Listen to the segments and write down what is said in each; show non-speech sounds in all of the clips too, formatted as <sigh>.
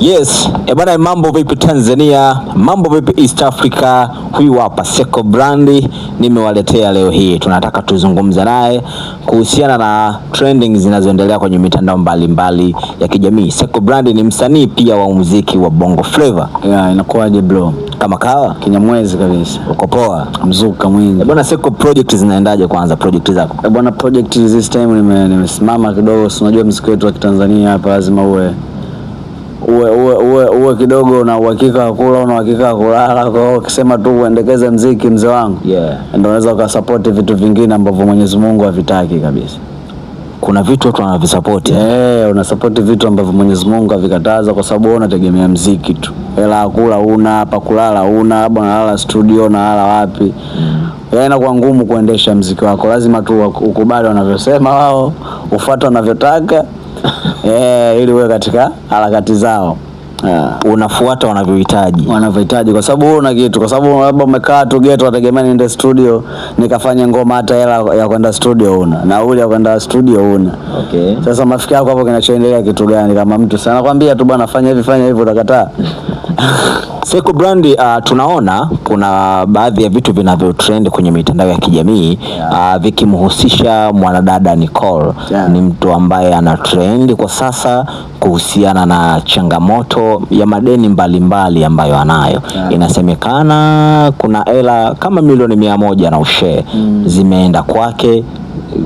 Yes, ebana, eh, mambo vipi Tanzania? Mambo vipi East Africa? Huyu hapa Seko Brandi nimewaletea leo hii, tunataka tuzungumza naye kuhusiana na trending zinazoendelea kwenye mitandao mbalimbali ya kijamii. Seko Brandi ni msanii pia wa muziki wa Bongo Flava. Yeah, inakuwaje bro? Kama kawa kinyamwezi kabisa. Uko poa? Mzuka mwingi. Eh, bwana Seko, project zinaendaje kwanza, project zako? Eh, bwana, project this time nimesimama nime kidogo, unajua muziki wetu wa Kitanzania hapa lazima uwe uwe, uwe, uwe, uwe kidogo una uhakika wa kula, una uhakika wa kulala. Kwa hiyo ukisema tu uendekeze mziki, mzee wangu, yeah. Ndio unaweza ukasapoti vitu vingine ambavyo Mwenyezi Mungu havitaki kabisa. Kuna vitu watu wanavisapoti yeah, eh, unasapoti vitu ambavyo Mwenyezi Mungu havikataza, kwa sababu unategemea mziki tu, hela kula una hapa kulala una, labda unalala studio, unalala wapi mm. Yeah, inakuwa ngumu kuendesha mziki wako, lazima tu ukubali wanavyosema wao, ufuate wanavyotaka <laughs> eh, ili uwe katika harakati zao yeah. Unafuata wanavyohitaji wanavyohitaji, kwa sababu una kitu, kwa sababu labda umekaa tu geto, wategemea niende studio nikafanye ngoma, hata hela ya kwenda studio una nauli ya kwenda studio una okay. Sasa mafikio yako hapo, kinachoendelea kitu gani? Kama mtu sana kwambia tu bwana, fanya hivi fanya hivi, utakataa <laughs> Seko Brandi, uh, tunaona kuna baadhi ya vitu vinavyotrend kwenye mitandao ya kijamii yeah. uh, vikimhusisha mwanadada Nicole yeah. Ni mtu ambaye ana trend kwa sasa kuhusiana na changamoto ya madeni mbalimbali mbali ambayo anayo yeah. Inasemekana kuna hela kama milioni mia moja na ushee mm. zimeenda kwake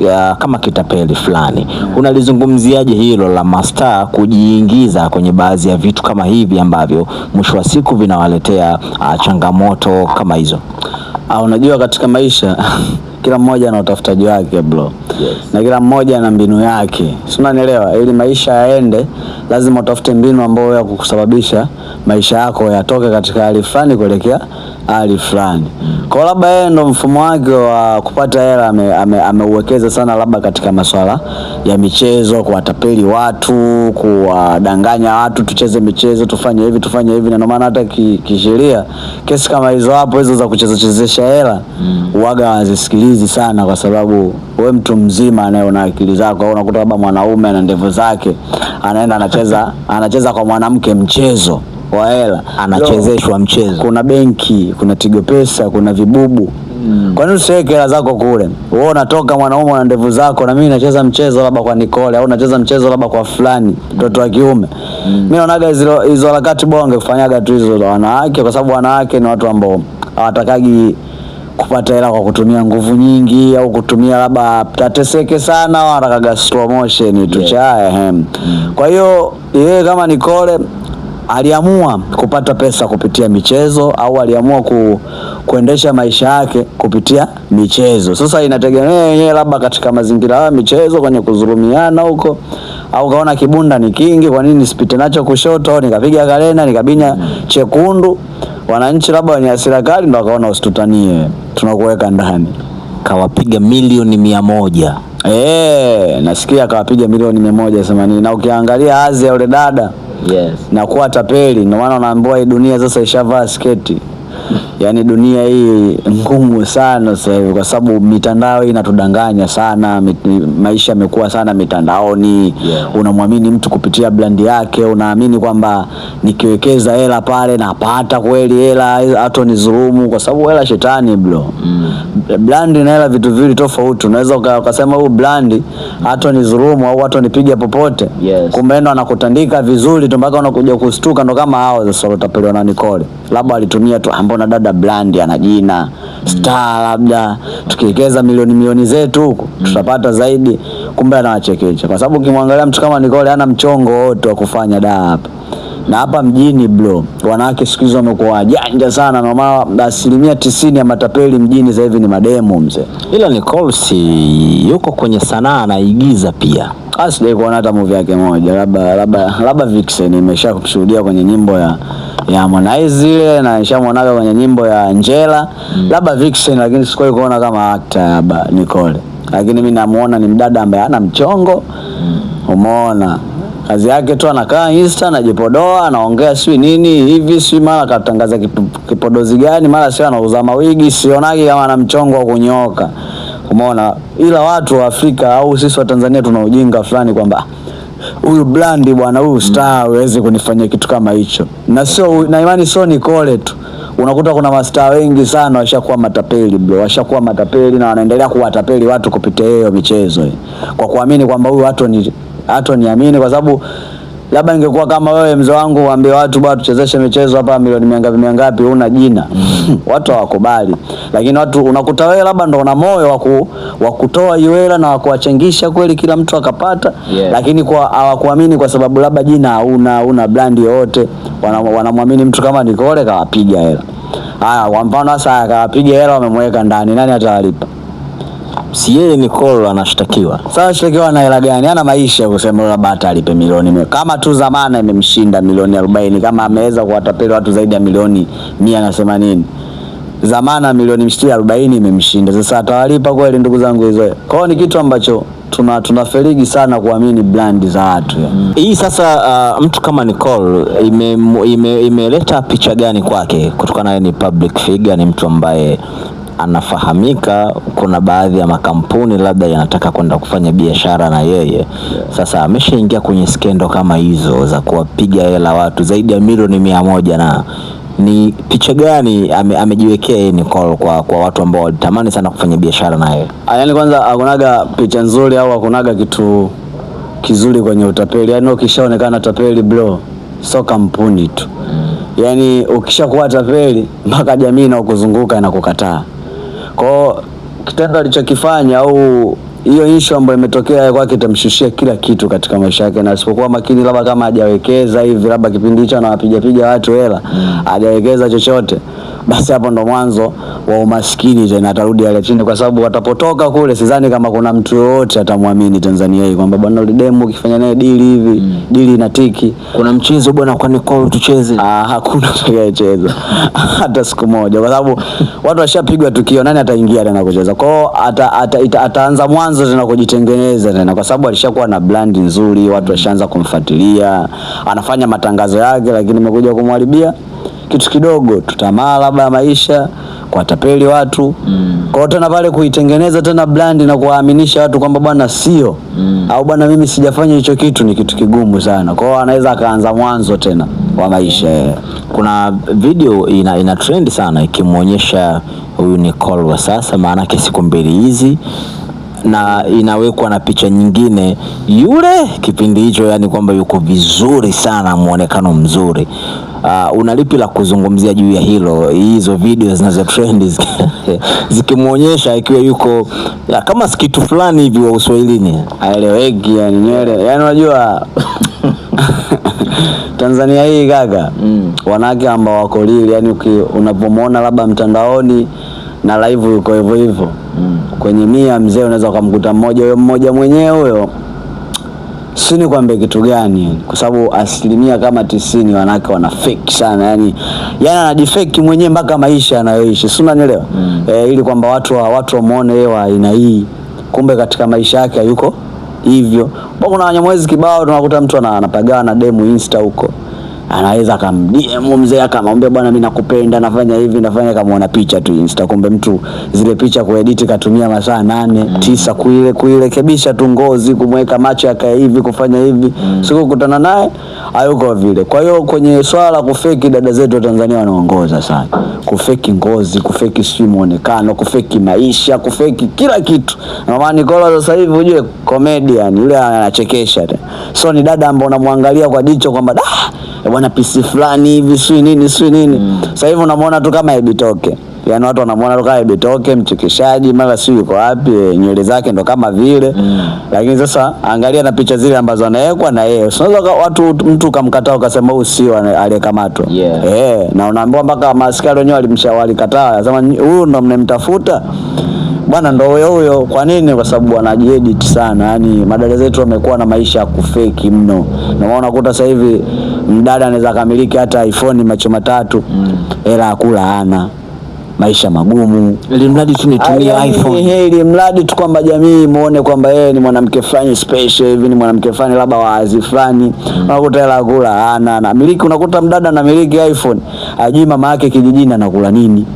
ya, kama kitapeli fulani. Unalizungumziaje hilo la mastaa kujiingiza kwenye baadhi ya vitu kama hivi ambavyo mwisho wa siku vinawaletea ah, changamoto kama hizo? Ah, unajua katika maisha <laughs> kila mmoja ana utafutaji wake bro. Yes. Na kila mmoja ana mbinu yake, si unanielewa? Ili maisha yaende, lazima utafute mbinu ambayo ya kukusababisha maisha yako yatoke katika hali fulani kuelekea hali fulani. Kwa labda yeye ndo mfumo wake wa kupata hela ameuwekeza ame, ame sana labda katika masuala ya michezo, kuwatapeli watu, kuwadanganya watu, tucheze michezo, tufanye hivi, tufanye hivi, na ndio maana hata kisheria ki kesi kama hizo hapo hizo za kuchezechezesha hela mm. uaga wazisikiliza hizi sana, kwa sababu we mtu mzima anayeona akili zako, au unakuta labda mwanaume ana ndevu zake anaenda anacheza <laughs> anacheza kwa mwanamke mchezo wa hela, anachezeshwa mchezo. Kuna benki, kuna Tigo Pesa, kuna vibubu Hmm. Kwa nini usiweke hela zako kule? Wewe unatoka mwanaume na ndevu zako na mimi nacheza mchezo labda kwa Nicole au nacheza mchezo labda kwa fulani mtoto wa kiume. Mm. Mimi naonaga hizo hizo harakati bonge kufanyaga tu hizo wanawake kwa sababu wanawake ni watu ambao hawatakagi kupata hela kwa kutumia nguvu nyingi au kutumia labda tateseke sana, wanataka slow motion tu cha ehem. Mm. Kwa hiyo yeye kama Nicole aliamua kupata pesa kupitia michezo au aliamua ku, kuendesha maisha yake kupitia michezo. Sasa inategemea yenyewe, labda katika mazingira haya michezo, kwenye kuzurumiana huko au kaona kibunda ni kingi, kwa nini nisipite nacho kushoto? Nikapiga kalenda, nikabinya chekundu. Wananchi labda wenye hasira kali ndo wakaona usitutanie, tunakuweka ndani. Kawapiga milioni mia moja. E, nasikia kawapiga milioni mia moja themanini na ukiangalia azi ya yule dada yes, na kuwa tapeli, ndio maana unaambiwa hii dunia sasa ishavaa sketi yani dunia hii ngumu sana sasa hivi, kwa sababu mitandao inatudanganya sana mit, maisha yamekuwa sana mitandaoni yeah. Unamwamini mtu kupitia brand yake, unaamini kwamba nikiwekeza hela pale napata kweli hela, hata ni dhulumu, kwa sababu hela shetani bro mm. Brand na hela vitu viwili tofauti. Unaweza ukasema huu brand hata ni dhulumu au hata nipige popote yes. Kumbe ndo anakutandika vizuri tu mpaka unakuja kustuka, ndo kama hao sasa utapelewa na Nicole, labda alitumia tu ambao ah, na dada labda brand ana jina star, labda tukiwekeza milioni milioni zetu huku tutapata zaidi, kumbe anawachekecha. Kwa sababu ukimwangalia mtu kama Nicole ana mchongo wote wa kufanya da hapa na hapa mjini bro, wanawake siku hizo wamekuwa wajanja sana, na mama asilimia tisini ya matapeli mjini sasa hivi ni mademu mzee. Ila Nicole si yuko kwenye sanaa, anaigiza pia. Ah, Sijai kuona hata movie yake moja, labda labda labda Vixen, nimesha kushuhudia kwenye nyimbo ya ya Harmonize ile na nishamwonaga kwenye nyimbo ya Njela mm. labda Vixen, lakini sikuwahi kuona kama actor labda Nicole, lakini mimi namuona ni mdada ambaye ana mchongo mm. umeona kazi yake tu anakaa insta anajipodoa anaongea sijui nini hivi sijui mara katangaza kipodozi gani mara sio anauza mawigi sionagi kama ana mchongo wa kunyoka umeona ila watu wa Afrika au sisi wa Tanzania tuna ujinga fulani kwamba huyu blandi bwana, huyu mm. star aweze kunifanyia kitu kama hicho, na sio na imani, sio Nicole tu unakuta kuna mastaa wengi sana washakuwa matapeli bro, washakuwa matapeli na wanaendelea kuwatapeli watu kupitia hiyo michezo, kwa kuamini kwamba huyu, hata niamini kwa sababu labda ningekuwa kama wewe mzee wangu, waambie watu bwana, tuchezeshe michezo hapa, milioni miangapi miangapi, una jina <laughs> watu hawakubali. Lakini watu unakuta wewe labda ndo una moyo wa kutoa hiyo hela na kuwachangisha kweli, kila mtu akapata, yeah. Lakini kwa hawakuamini kwa sababu labda jina hauna, una brand yoyote. Wanamwamini mtu kama Nicole kawapiga hela. Haya, kwa mfano sasa kawapiga hela, wamemweka ndani, nani atawalipa? si yeye ni kolo anashtakiwa. Sasa anashtakiwa na hela gani? Ana maisha kusema la bata alipe milioni kama tu zamana imemshinda milioni arobaini kama ameweza kuwatapeli watu zaidi ya milioni mia na themanini zamana milioni mshtia arobaini imemshinda. Sasa atawalipa kweli, ndugu zangu? Hizo kwao ni kitu ambacho tuna tunafeligi sana kuamini brand za watu mm. Hii sasa uh, mtu kama Nicole imeleta ime, ime picha gani kwake, kutokana ni public figure, ni mtu ambaye anafahamika, kuna baadhi ya makampuni labda yanataka kwenda kufanya biashara na yeye. Sasa ameshaingia kwenye skendo kama hizo za kuwapiga hela watu zaidi ya milioni mia moja na ni picha gani amejiwekea yeye ni call kwa, kwa watu ambao walitamani sana kufanya biashara naye? Ah, yaani kwanza akunaga picha nzuri au akunaga kitu kizuri kwenye utapeli. Yaani ukishaonekana tapeli bro, so kampuni tu. Yaani ukishakuwa tapeli mpaka jamii inaokuzunguka inakukataa. Kwao kitendo alichokifanya au hiyo issue ambayo imetokea kwake itamshushia kila kitu katika maisha yake, na asipokuwa makini, labda kama hajawekeza hivi, labda kipindi hicho anawapigapiga watu hela, mm. hajawekeza chochote basi hapo ndo mwanzo wa umaskini tena, atarudi yale chini, kwa sababu watapotoka kule, sidhani kama kuna mtu yoyote atamwamini Tanzania hii kwamba bwana yule demu ukifanya naye dili hivi mm. dili na tiki, kuna mchezo bwana, kwani kwao tucheze? Ah, hakuna atakayecheza <laughs> hata siku moja, kwa sababu watu washapigwa tukio, nani ataingia tena kucheza kwao? Ata, ata, ataanza mwanzo tena kujitengeneza tena, kwa sababu alishakuwa na brand nzuri, watu washaanza kumfuatilia, anafanya matangazo yake, lakini imekuja kumharibia kitu kidogo tutamaa labda ya maisha, tapeli watu mm. Kwao tena pale kuitengeneza tena brand na kuwaaminisha watu kwamba bwana sio mm. au bwana mimi sijafanya hicho kitu, ni kitu kigumu sana kwao. Anaweza akaanza mwanzo tena wa maisha mm. Kuna video ina, ina trend sana ikimwonyesha huyu ni kolwa sasa, maanake siku mbili hizi na inawekwa na picha nyingine yule kipindi hicho, yani kwamba yuko vizuri sana, mwonekano mzuri. Uh, una lipi la kuzungumzia juu ya hilo, hizo video zinazo trend <laughs> zikimwonyesha ikiwa yuko ya, kama sikitu fulani hivi wa Uswahilini aeleweki, yani nywele, yani unajua <laughs> Tanzania hii gaga mm. wanawake ambao wako lili, yani unapomwona labda mtandaoni na live yuko hivyo hivyo, mm. kwenye mia mzee unaweza ukamkuta mmoja huyo mmoja mwenyewe huyo si ni kwambie kitu gani kwa sababu asilimia kama tisini wanawake wana fake sana yani, yani anajifeki mwenyewe mpaka maisha anayoishi, si unanielewa? mm. E, ili kwamba watu watu wamuone yeye wa aina hii, kumbe katika maisha yake hayuko hivyo. Kuna wanyamwezi kibao, tunakuta mtu anapagawa na demu insta huko anaweza akamdm mzee akamwambia, bwana, mimi nakupenda, nafanya hivi nafanya, kamaona picha tu Insta, kumbe mtu zile picha kuedit katumia masaa nane mm. tisa, kuile kuirekebisha tu ngozi, kumweka macho yake hivi, kufanya hivi mm. siku kutana naye hayuko vile. Kwa hiyo kwenye swala kufeki, dada zetu wa Tanzania wanaongoza sana, kufeki ngozi, kufeki si muonekano, kufeki maisha, kufeki kila kitu. Na maana Nicola sasa hivi ujue comedian yule anachekesha, so ni dada ambaye unamwangalia kwa jicho kwamba Eh, bwana PC fulani hivi si nini si nini mm. Sasa hivi unamwona tu kama ibitoke Yaani watu wanamwona tu kama Ibitoke mchekeshaji, mara si yuko wapi, eh, nywele zake ndo kama vile mm. Lakini sasa angalia na picha zile ambazo anawekwa na yeye, unaweza watu mtu kamkataa ukasema huyu sio aliyekamatwa yeah. E, na unaambiwa mpaka maaskari wenyewe walimshawali kataa, anasema huyu ndo mnemtafuta bwana ndo huyo huyo. Kwa nini? Kwa sababu wanajiedit sana, yani madada zetu wamekuwa na maisha ya kufeki mno, na maana unakuta sasa hivi mdada anaweza kamiliki hata iPhone macho matatu mm. hela mm. akula ana maisha magumu, ili mradi tu nitumie iPhone, ili mradi tu kwamba jamii muone kwamba yeye ni mwanamke fulani special hivi, ni mwanamke fulani labda waazi fulani mm. unakuta hela kula ana na miliki, unakuta mdada na miliki iPhone, ajui mama yake kijijini anakula nini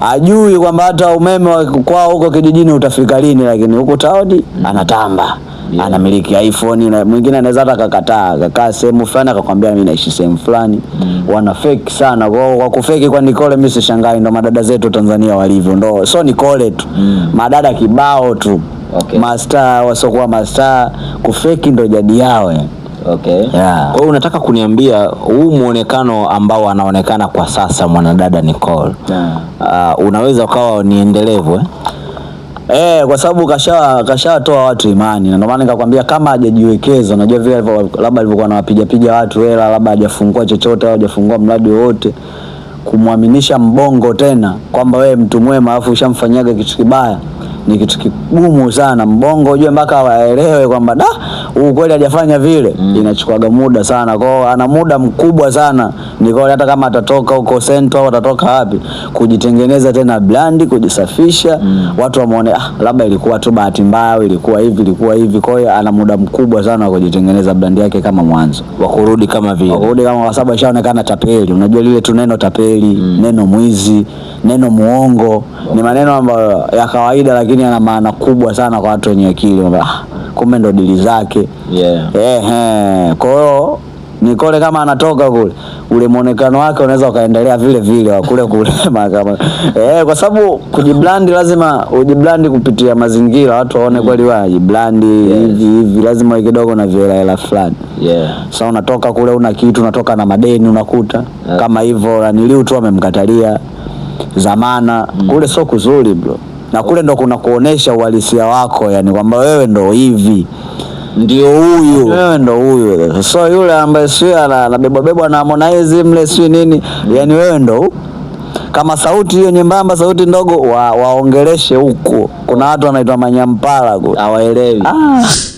ajui kwamba hata umeme wa kwao huko kijijini utafika lini, lakini huko taodi mm. anatamba yeah. Anamiliki iPhone na mwingine anaweza hata kakataa akakaa sehemu fulani akakwambia mimi naishi sehemu fulani mm. Wana fake sana kwa kwa kufeki kwa Nicole, mimi shangai ndo madada zetu Tanzania walivyo, ndo so Nicole tu mm. Madada kibao tu okay. masta wasokuwa mastaa kufeki ndo jadi yao eh. Okay. Yeah. Kwa hiyo unataka kuniambia huu mwonekano ambao anaonekana kwa sasa mwanadada Nicole. Yeah. Uh, unaweza ukawa ni endelevu eh? Eh, kwa sababu kasha kashatoa watu imani na ndio maana nikakwambia kama hajajiwekeza, unajua vile labda alivyokuwa anawapiga piga watu hela, labda hajafungua chochote au hajafungua mradi wowote, kumwaminisha mbongo tena kwamba wewe mtu mwema alafu ushamfanyaga kitu kibaya ni kitu kigumu sana. Mbongo ujue mpaka waelewe kwamba da huu kweli hajafanya vile mm. inachukuaga muda sana kwao, ana muda mkubwa sana nikole, hata kama atatoka huko sento au atatoka wapi, kujitengeneza tena blandi kujisafisha mm. watu wamuone, ah, labda ilikuwa tu bahati mbaya, ilikuwa hivi, ilikuwa hivi. Kwa hiyo ana muda mkubwa sana wa kujitengeneza blandi yake kama mwanzo, wa kurudi kama vile, kurudi kama, kwa sababu ashaonekana tapeli. Unajua lile tu neno tapeli mm. neno mwizi neno muongo ni maneno ambayo ya kawaida, lakini yana maana kubwa sana kwa watu wenye akili. Kumbe ndo dili zake. Yeah. Ehe, kwa hiyo Nikole kama anatoka kule, ule mwonekano wake unaweza ukaendelea vile vile wa kule kule <laughs> kama eh, kwa sababu kujiblandi, lazima ujiblandi kupitia mazingira, watu waone mm. kweli wewe unajiblandi hivi yes. hivi, lazima uwe kidogo na vile hela fulani. Yeah. Sasa unatoka kule una kitu, unatoka na madeni unakuta yeah. Kama hivyo, na niliu tu amemkatalia zamana mm. Kule sio kuzuri bro, na kule ndo kuna kuonesha uhalisia wako, yani kwamba wewe ndo hivi ndio huyu wewe ndo huyu, so yule ambaye sio anabebwabebwa na Harmonize mle si nini mm. Yani wewe ndo kama sauti hiyo nyembamba, sauti ndogo, waongeleshe huko. Kuna watu wanaitwa manyampala hawaelewi ah.